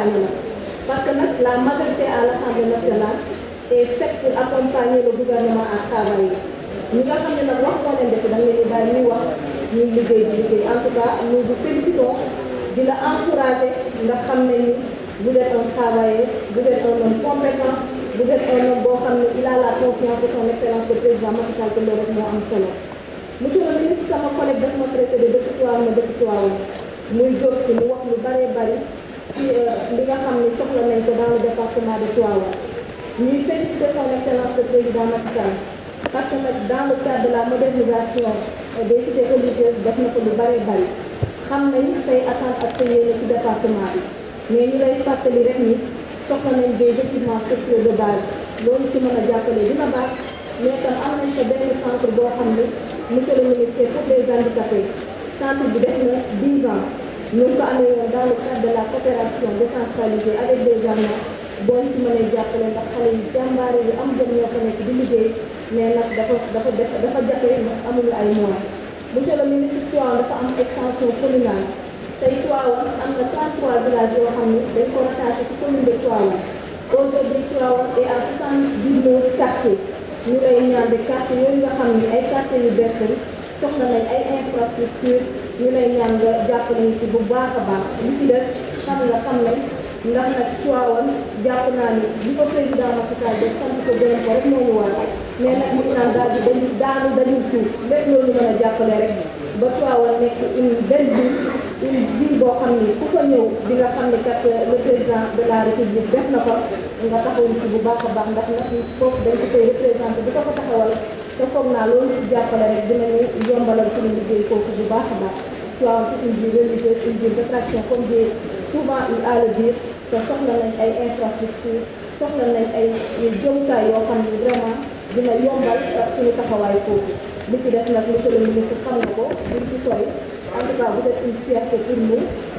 accompagner la parce que nag la majorité à l'Assemblée nationale est faite pour accompagner le gouvernement à travailler ñi nga xam ne nag wax moo leen def da ngeen di bàyyi ñuy wax ñuy liggéey di liggéey en tout cas nous vous félicitons di la encourager nga xam ne ni vous êtes un travailleur vous êtes un homme compétent vous êtes un homme boo xam ne il a la confiance de son excellence le président Macky Sall te loolu moo am solo monsieur le ministre wax lu bëree bëri ci euh, li nga xam ni soxla nañ ko dans le département de Tivaouane ñuy félicité son excellence le président Macky Sall parce que nag dans le cadre de la modernisation euh, des cités religieuses def na ko lu bëree bëri xam nañ say attentes ak sa yéene ci département bi mais ñu lay fàttali rek ni soxla nañ des équipements sociaux de base loolu ci mën a jàppale dina baax mais tam am nañ ko benn centre boo xam ne monsieur le ministre pour les handicapés centre bi def na 10 ans ñu ngi ko amee woon dans le cadre de la coopération décentralisée avec des armées boo ñu ci mënee jàppale ndax xale yu jàmbaare yu am jom ñoo fa nekk di liggéey mais nag dafa dafa dafa jafe ndax amuñu ay moyens. monsieur le ministre Tivaouane dafa am extension communale tey Tivaouane am na 33 villages yoo xam ne dañ ko rattaché ci commune de Tivaouane aujourd'hui Tivaouane est à 79 quartiers ñu lay ñaan de quartier yooyu nga xam ne ay quartiers yu bees soxla nañ ay infrastructures. ñu lay ñaan nga jàppale ñu ci bu baax a baax li ci des xam nga xam nañ ndax nag Tiwaawan jàpp naa ni li ko président Macky Sall def sant ko gërëm ko rek moo ñu war mais nag ñu naan daal dañu daanu dañu suuf lépp a jàppale rek ba Tiwaawan nekk une belle ville boo xam ni ku ko ñëw di nga xam ni kat euh, le président de la république def na ko nga taxawul ci bu baax a baax ndax nag foofu dañ koy représenté bu ko ko taxawal te foog naa loolu ci jàppale rek dinañu yombalal suñu liggéey kooku bu baax a baax soit c'est une vie religieuse une vie d'attraction comme j'ai souvent eu à le dire te soxla nañ ay infrastructure soxla nañ ay jumtukaay yoo xam ne vraiment dina yombal suñu taxawaay ko li ci def nag monsieur le ministre xam na ko duñ ci sori en tout cas vous êtes une fierté